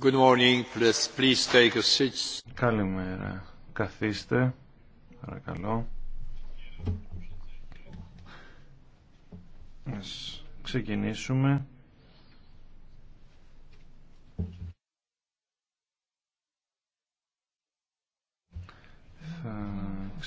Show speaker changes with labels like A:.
A: Good morning. Please, please take a seat.
B: Καλημέρα. Καθίστε. Παρακαλώ.
C: Ας ξεκινήσουμε.